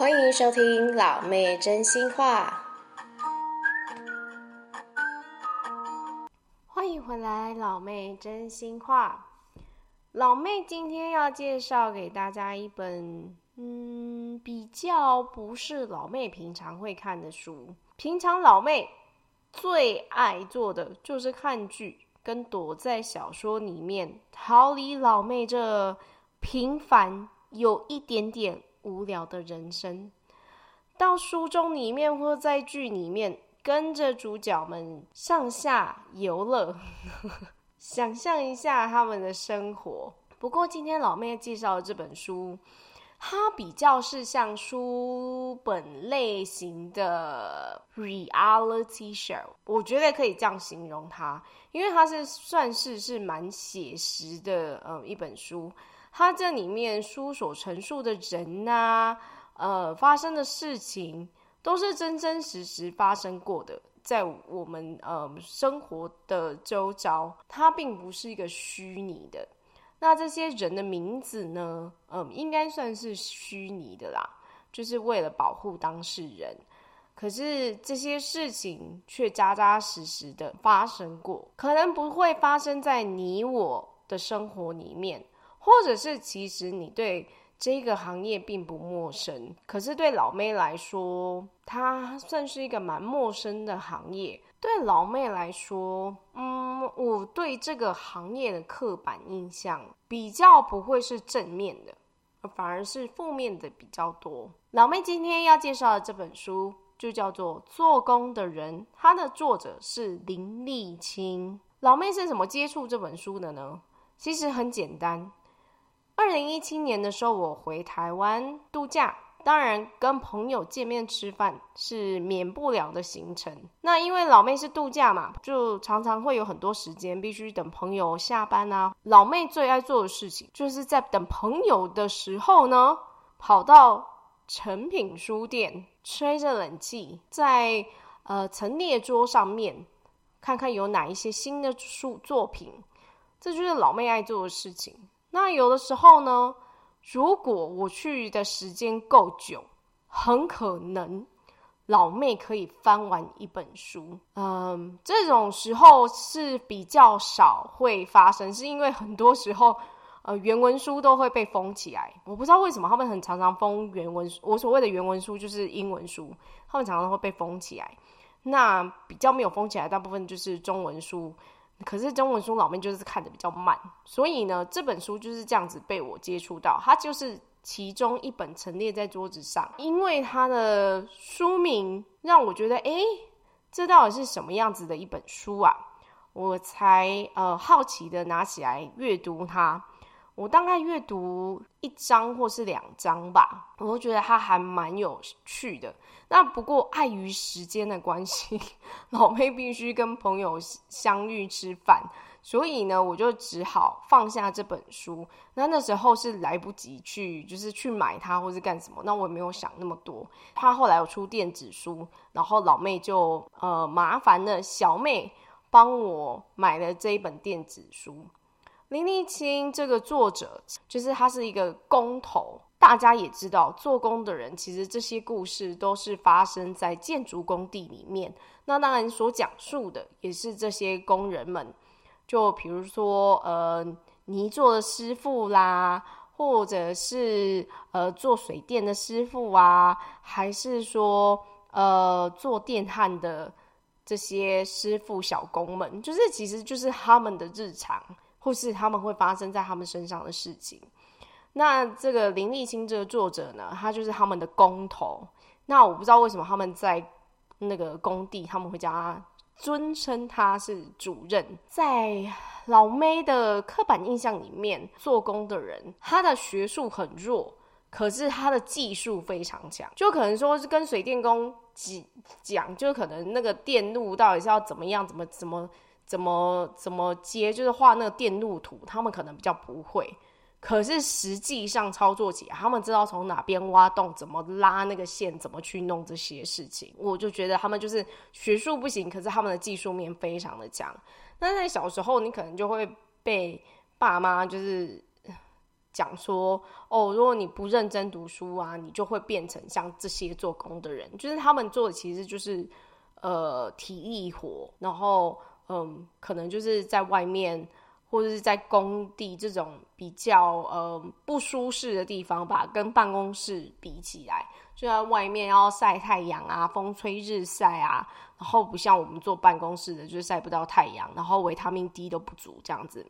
歡迎收聽老妹真心話，歡迎回來，老妹真心話。老妹今天要介紹給大家一本，嗯，比較不是老妹平常會看的書。平常老妹最愛做的就是看劇，跟躲在小說裡面，逃離老妹這平凡有一點點。無聊的人生，到書中裡面或在劇裡面，跟着主角們上下遊樂，呵呵想象一下他們的生活。不過今天老妹介紹的這本書，它比較是像書本類型的 reality show，我覺得可以這樣形容它，因為它是算是是蠻寫實的，呃，一本書。它這裡面書所陳述的人吶、啊，呃，發生的事情都是真真實實發生過的，在我們呃生活的周遭，它並不是一個虛擬的。那這些人的名字呢，嗯、呃，應該算是虛擬的啦，就是為了保護當事人。可是這些事情卻扎扎實實的發生過，可能不會發生在你我的生活裡面。或者是，其實你對這個行業並不陌生，可是對老妹來說，它算是一個蠻陌生的行業。對老妹來說，嗯，我對這個行業的刻板印象比較不會是正面的，反而是負面的比較多。老妹今天要介紹的這本書就叫做《做工的人》，它的作者是林立青。老妹是怎麼接觸這本書的呢？其實很簡單。二零一七年的時候，我回台灣度假，當然跟朋友見面吃飯是免不了的行程。那因為老妹是度假嘛，就常常會有很多時間，必須等朋友下班啊。老妹最愛做的事情，就是在等朋友的時候呢，跑到誠品書店，吹着冷氣，在呃陳列桌上面，看看有哪一些新的書作品，這就是老妹愛做的事情。那有的時候呢，如果我去的時間夠久，很可能老妹可以翻完一本書。嗯，這種時候是比較少會發生，是因為很多時候，呃，原文書都會被封起來。我不知道為什麼他們很常常封原文書。我所謂的原文書就是英文書，他們常常會被封起來。那比較沒有封起來，大部分就是中文書。可是中文書老妹就是看的比較慢，所以呢，這本書就是這樣子被我接觸到，它就是其中一本陳列在桌子上，因為它的書名讓我覺得，哎，這到底是什麼樣子的一本書啊？我才呃好奇的拿起來閱讀它。我大概閱讀一章或是兩章吧，我都覺得它還蠻有趣的。那不過礙於時間的關係，老妹必須跟朋友相遇吃飯，所以呢，我就只好放下這本書。那那時候是來不及去，就是去買它或是幹什麼。那我也沒有想那麼多。它後來有出電子書，然後老妹就呃麻煩了小妹幫我買了這一本電子書。林立青這個作者，就是他是一個工頭。大家也知道，做工的人其實這些故事都是發生在建築工地裡面。那當然，所講述的也是這些工人們，就比如說呃泥做的師傅啦，或者是呃做水電的師傅啊，還是說呃做電焊的這些師傅小工們，就是其實就是他們的日常。或是他們會發生在他們身上的事情。那這個林立青，這個作者呢，他就是他們的工頭。那我不知道為什麼他們在那個工地，他們會叫他尊稱他是主任。在老妹的刻板印象裡面，做工的人他的學術很弱，可是他的技術非常強。就可能說是跟水電工講，就可能那個電路到底是要怎麼樣，怎麼怎麼。怎麼怎麼接，就是畫那個電路圖，他們可能比較不會。可是實際上操作起來，他們知道從哪邊挖洞，怎麼拉那個線，怎麼去弄這些事情。我就覺得他們就是學術不行，可是他們的技術面非常的強。那在小時候，你可能就會被爸媽就是講說，哦，如果你不認真讀書啊，你就會變成像這些做工的人。就是他們做的其實就是呃體力活，然後，嗯，可能就是在外面或者是在工地這種比較嗯不舒適的地方吧，跟辦公室比起來，就在外面要曬太陽啊，風吹日曬啊，然後不像我們坐辦公室的，就曬不到太陽，然後維他命 D 都不足這樣子。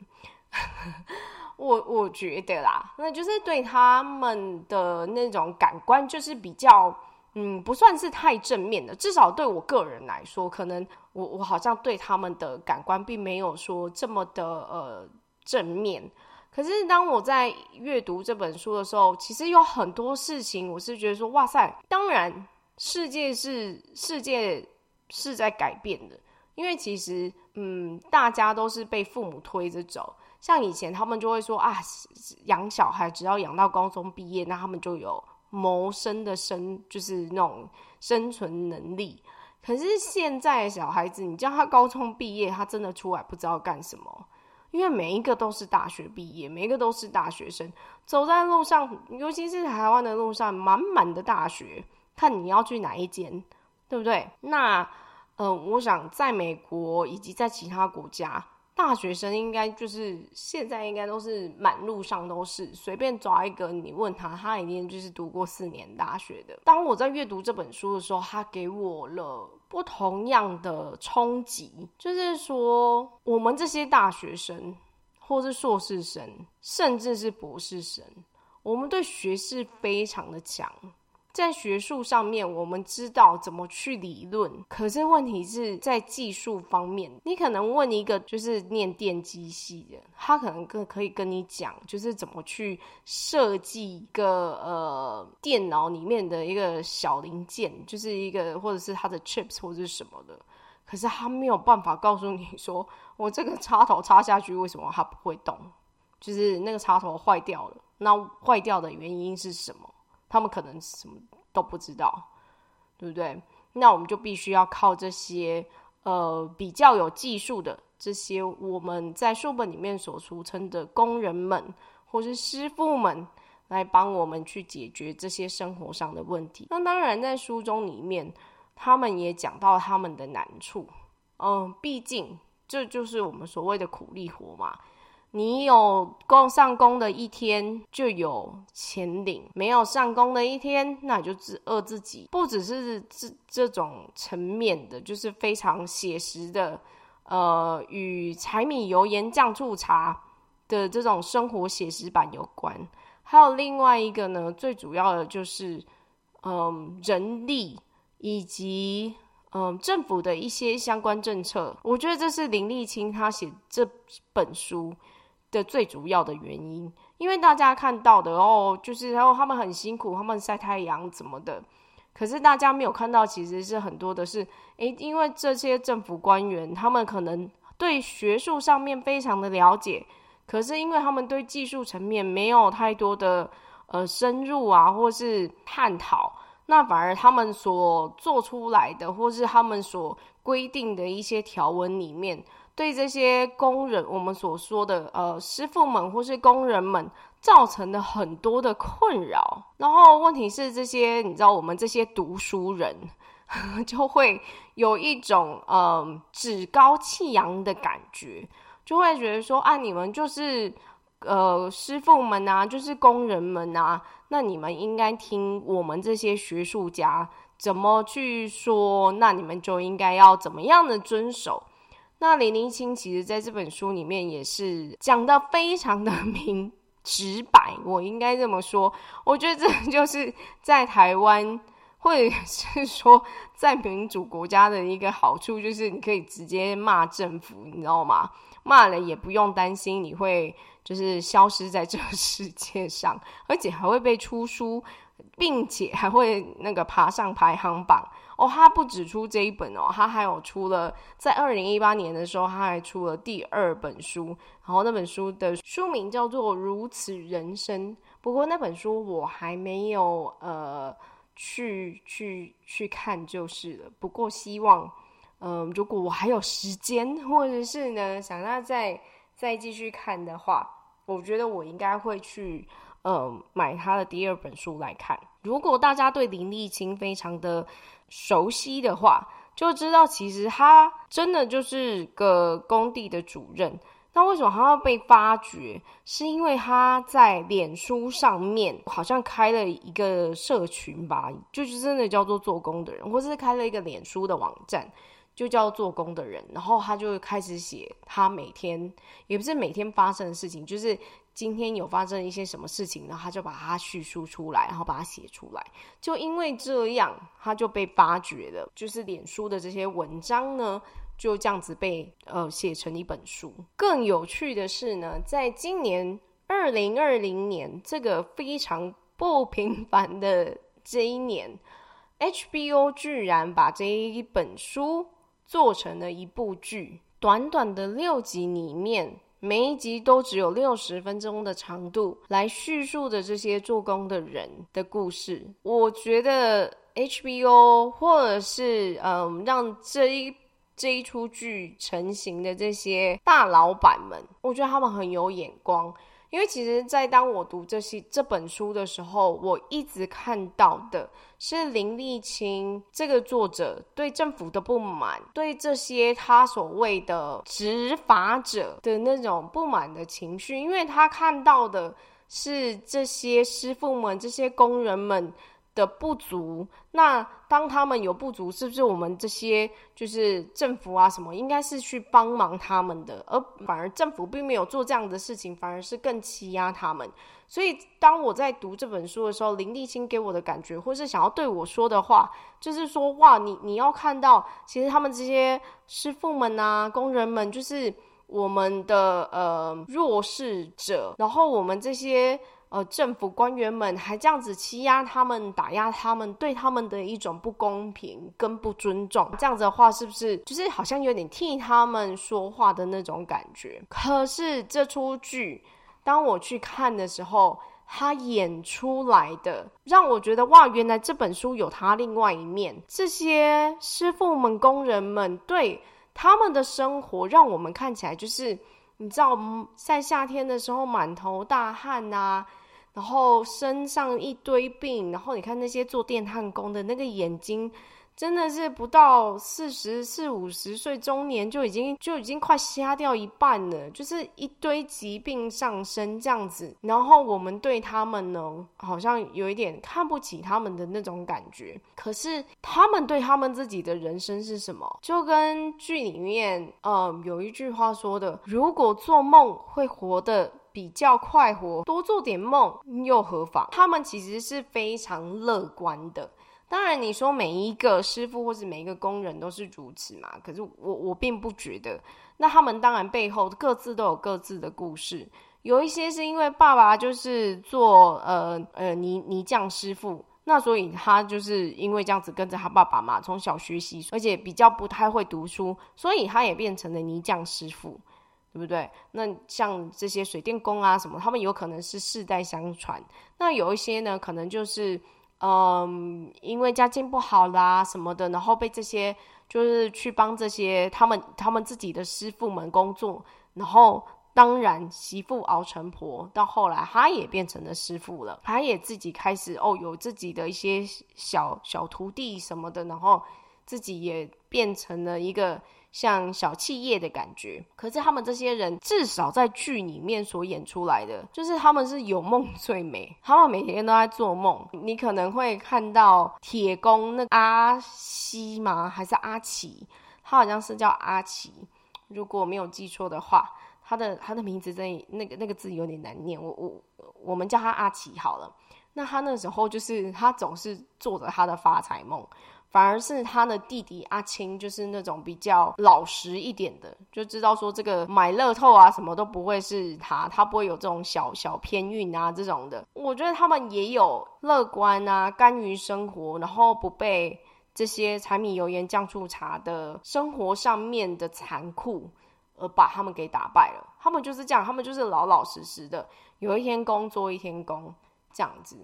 我我覺得啦，那就是對他們的那種感官，就是比較。嗯，不算是太正面的，至少對我個人來說，可能我我好像對他們的感官並沒有說這麼的呃正面。可是當我在閱讀這本書的時候，其實有很多事情我是覺得說，哇塞！當然，世界是世界是在改變的，因為其實嗯，大家都是被父母推着走，像以前他們就會說啊，養小孩只要養到高中畢業，那他們就有。謀生的生就是那種生存能力，可是現在的小孩子，你叫他高中畢業，他真的出來不知道幹什麼，因為每一個都是大學畢業，每一個都是大學生，走在路上，尤其是台灣的路上，滿滿的大學，看你要去哪一間，對不對？那嗯、呃，我想在美國以及在其他國家。大學生應該就是現在應該都是滿路上都是，隨便抓一個你問他，他一定就是讀過四年大學的。當我在閱讀這本書的時候，他給我了不同樣的衝擊，就是說我們這些大學生，或是碩士生，甚至是博士生，我們對學士非常的強。在學術上面，我們知道怎麼去理論，可是問題是在技術方面。你可能問一個就是念電機系的，他可能跟可以跟你講，就是怎麼去設計一個呃電腦裡面的一個小零件，就是一個或者是它的 chips 或者是什麼的。可是他沒有辦法告訴你說，我這個插頭插下去為什麼它不會動，就是那個插頭壞掉了，那壞掉的原因是什麼？他們可能什麼都不知道，對不對？那我們就必須要靠這些呃比較有技術的這些我們在書本裡面所俗稱的工人們，或是師傅們來幫我們去解決這些生活上的問題。那當然，在書中裡面，他們也講到他們的難處。嗯、呃，畢竟這就是我們所謂的苦力活嘛。你有供上工的一天就有錢領，沒有上工的一天，那你就只餓自己。不只是這這種層面的，就是非常寫實的，呃，與柴米油鹽醬醋茶的這種生活寫實版有關。還有另外一個呢，最主要的就是，嗯、呃，人力以及嗯、呃、政府的一些相關政策。我覺得這是林立青他寫這本書，的最主要的原因，因為大家看到的哦，就是然後、哦、他們很辛苦，他們曬太陽怎麼的，可是大家沒有看到其實是很多的是，誒，因為這些政府官員他們可能對學術上面非常的了解，可是因為他們對技術層面沒有太多的呃深入啊，或是探討，那反而他們所做出來的或是他們所。規定的一些條文裡面，對這些工人，我們所說的呃師傅們或是工人們，造成了很多的困擾。然後問題是，這些你知道，我們這些讀書人 就會有一種嗯、呃、趾高氣揚的感覺，就會覺得說啊，你們就是呃師傅們吶、啊，就是工人們吶、啊，那你們應該聽我們這些學術家。怎麼去說？那你們就應該要怎麼樣的遵守？那林立青其實在這本書裡面也是講得非常的明直白，我應該這麼說。我覺得這就是在台灣或者是說在民主國家的一個好處，就是你可以直接罵政府，你知道嗎？罵人也不用擔心你會就是消失在這個世界上，而且還會被出書。並且還會那個爬上排行榜哦，他不只出這一本哦，他還有出了在二零一八年的時候，他還出了第二本書，然後那本書的書名叫做《如此人生》，不過那本書我還沒有呃去去去看就是了。不過希望嗯、呃，如果我還有時間，或者是呢想要再再繼續看的話，我覺得我應該會去。嗯、呃，買他的第二本書來看。如果大家對林立青非常的熟悉的話，就知道其實他真的就是個工地的主任。那為什麼他要被發掘？是因為他在臉書上面好像開了一個社群吧，就是真的叫做“做工的人”，或是開了一個臉書的網站，就叫“做工的人”。然後他就開始寫他每天，也不是每天發生的事情，就是。今天有發生一些什麼事情呢，他就把它敘述出來，然後把它寫出來。就因為這樣，他就被發掘了。就是臉書的這些文章呢，就這樣子被呃寫成一本書。更有趣的是呢，在今年二零二零年這個非常不平凡的這一年，HBO 居然把這一本書做成了一部劇。短短的六集裡面。每一集都只有六十分鐘的長度，來敘述的這些做工的人的故事。我覺得 HBO 或者是嗯，讓這一這一出劇成型的這些大老板們，我覺得他們很有眼光。因為其實，在當我讀這些這本書的時候，我一直看到的是林立青這個作者對政府的不滿，對這些他所謂的執法者的那種不滿的情緒，因為他看到的是這些師傅們、這些工人們。的不足，那當他們有不足，是不是我們這些就是政府啊什麼，應該是去幫忙他們的，而反而政府並沒有做這樣的事情，反而是更欺壓他們。所以當我在讀這本書的時候，林立青給我的感覺，或是想要對我說的話，就是說哇，你你要看到，其實他們這些師傅們啊、工人們，就是我們的呃弱勢者，然後我們這些。呃，政府官員們還這樣子欺壓他們、打壓他們，對他們的一種不公平跟不尊重，這樣子的話是不是就是好像有點替他們說話的那種感覺？可是這出劇，當我去看的時候，他演出來的讓我覺得哇，原來這本書有他另外一面。這些師傅們、工人們對他們的生活，讓我們看起來就是你知道，在夏天的時候滿頭大汗吶、啊。然後身上一堆病，然後你看那些做電焊工的那個眼睛，真的是不到四十、四五十歲中年就已經就已經快瞎掉一半了，就是一堆疾病上身這樣子。然後我們對他們呢，好像有一點看不起他們的那種感覺。可是他們對他們自己的人生是什麼？就跟劇裡面呃有一句話說的：“如果做夢會活得。比較快活，多做點夢又何妨？他們其實是非常樂觀的。當然，你說每一個師傅或是每一個工人都是如此嘛？可是我我並不覺得。那他們當然背後各自都有各自的故事。有一些是因為爸爸就是做呃呃泥泥匠師傅，那所以他就是因為這樣子跟着他爸爸嘛，從小學習，而且比較不太會讀書，所以他也變成了泥匠師傅。對不對？那像這些水電工啊什麼，他們有可能是世代相傳。那有一些呢，可能就是嗯，因為家境不好啦什麼的，然後被這些就是去幫這些他們他們自己的師傅們工作。然後當然，媳婦熬成婆，到後來他也變成了師傅了，他也自己開始哦，有自己的一些小小徒弟什麼的，然後自己也變成了一個。像小企業的感覺，可是他們這些人至少在劇裡面所演出來的，就是他們是有夢最美。他們每天都在做夢。你可能會看到鐵工那阿西嗎？還是阿奇？他好像是叫阿奇，如果沒有記錯的話，他的他的名字那、那個那個字有點難念。我我我們叫他阿奇好了。那他那時候就是他總是做着他的發財夢。反而是他的弟弟阿青，就是那種比較老實一點的，就知道說這個買樂透啊什麼都不會是他，他不會有這種小小偏運啊這種的。我覺得他們也有樂觀啊，甘於生活，然後不被這些柴米油鹽醬醋茶的生活上面的殘酷而把他們給打敗了。他們就是這樣，他們就是老老實實的，有一天工做一天工這樣子。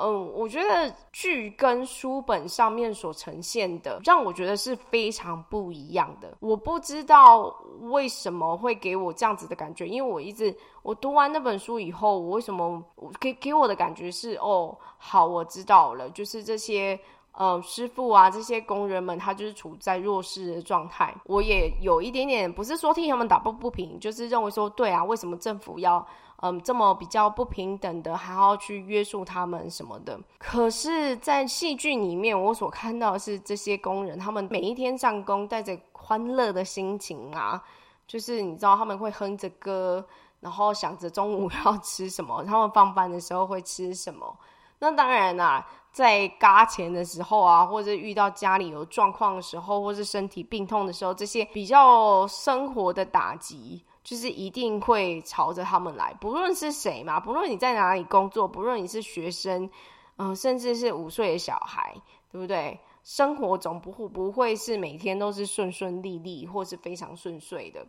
嗯，我覺得劇跟書本上面所呈現的，讓我覺得是非常不一樣的。我不知道為什麼會給我這樣子的感覺，因為我一直我讀完那本書以後，我為什麼給給我的感覺是，哦，好，我知道了，就是這些呃師傅啊，這些工人們，他就是處在弱勢的狀態。我也有一點點，不是說替他們打抱不平，就是認為說，對啊，為什麼政府要？嗯，這麼比較不平等的，還要去約束他們什麼的。可是，在戲劇裡面，我所看到的是這些工人，他們每一天上工帶着歡樂的心情啊，就是你知道他們會哼着歌，然後想着中午要吃什麼，他們放班的時候會吃什麼。那當然啦、啊，在軋錢的時候啊，或者遇到家裡有狀況的時候，或是身體病痛的時候，這些比較生活的打擊。就是一定會朝着他們來，不論是誰嘛，不論你在哪裡工作，不論你是學生，嗯，甚至是五歲的小孩，對不對？生活總不不會是每天都是順順利利，或是非常順遂的。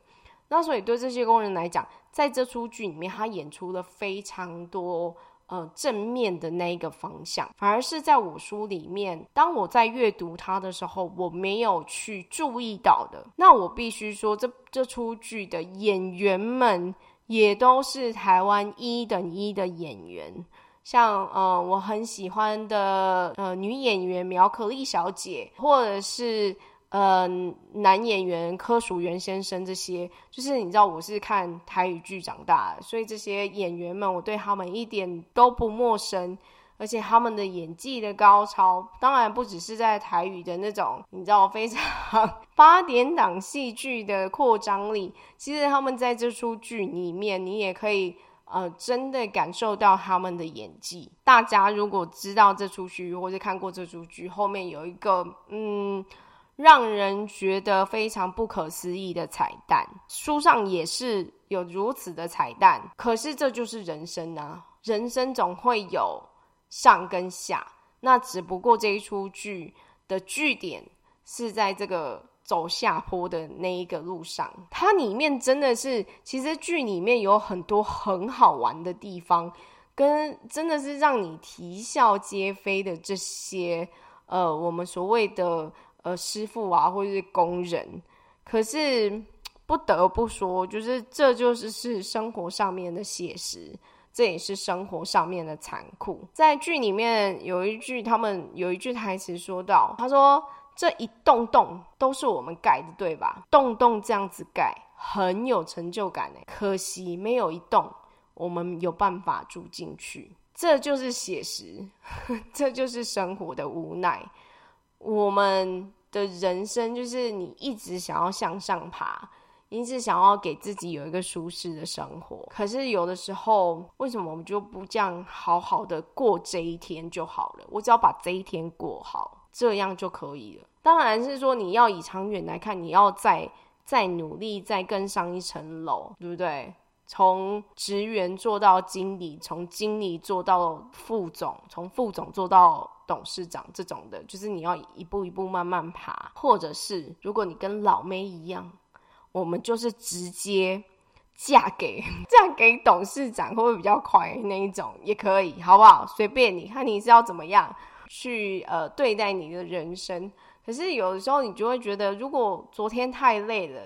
那所以對這些工人來講，在這出劇裡面，他演出了非常多。呃，正面的那一個方向，反而是在我書裡面，當我在閱讀它的時候，我沒有去注意到的。那我必須說，這這出劇的演員們也都是台灣一等一的演員，像呃，我很喜歡的呃女演員苗可麗小姐，或者是。嗯，男演員柯叔元先生這些，就是你知道我是看台語劇長大的，所以這些演員們我對他們一點都不陌生，而且他們的演技的高超，當然不只是在台語的那種，你知道非常八點檔戲劇的擴張力。其實他們在這出劇裡面，你也可以呃真的感受到他們的演技。大家如果知道這出劇，或者看過這出劇，後面有一個嗯。讓人覺得非常不可思議的彩蛋，書上也是有如此的彩蛋。可是這就是人生啊，人生總會有上跟下。那只不過這一出劇的劇點是在這個走下坡的那一個路上，它裡面真的是，其實劇裡面有很多很好玩的地方，跟真的是讓你啼笑皆非的這些，呃，我們所謂的。呃，師傅啊，或者是工人，可是不得不說，就是這就是是生活上面的寫實，這也是生活上面的殘酷。在劇裡面有一句，他們有一句台詞說到：“他說這一棟棟都是我們蓋的，對吧？棟棟這樣子蓋很有成就感誒，可惜沒有一棟我們有辦法住進去。”這就是寫實，呵呵，這就是生活的無奈。我們的人生就是你一直想要向上爬，一直想要給自己有一個舒適的生活。可是有的時候，為什麼我們就不這樣好好的過這一天就好了？我只要把這一天過好，這樣就可以了。當然，是說你要以長遠來看，你要再再努力，再更上一層樓，對不對？從職員做到經理，從經理做到副總，從副總做到董事長，這種的就是你要一步一步慢慢爬，或者是如果你跟老妹一樣，我們就是直接嫁給嫁給董事長，會不會比較快？那一種也可以，好不好？隨便你看你是要怎麼樣去呃對待你的人生。可是有的時候你就會覺得，如果昨天太累了。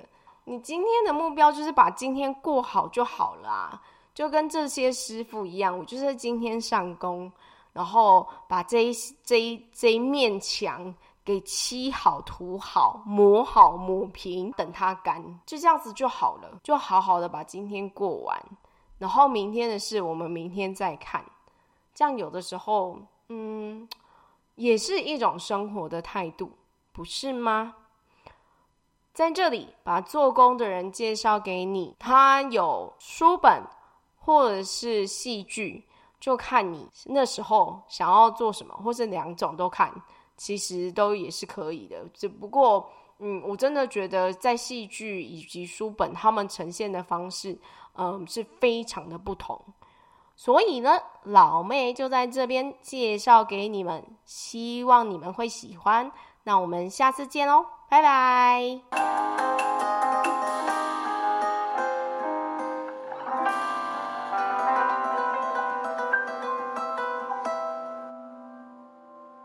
你今天的目標就是把今天過好就好了啊，就跟這些師傅一樣，我就是今天上工，然後把這一這一這一面牆給漆好、塗好、磨好、磨平，等它乾，就這樣子就好了，就好好的把今天過完，然後明天的事我們明天再看。這樣有的時候，嗯，也是一種生活的態度，不是嗎？在這裡把做工的人介紹給你，他有書本或者是戲劇，就看你那時候想要做什麼，或是兩種都看，其實都也是可以的。只不過，嗯，我真的覺得在戲劇以及書本他們呈現的方式，嗯，是非常的不同。所以呢，老妹就在這邊介紹給你們，希望你們會喜歡。那我們下次見哦。拜拜。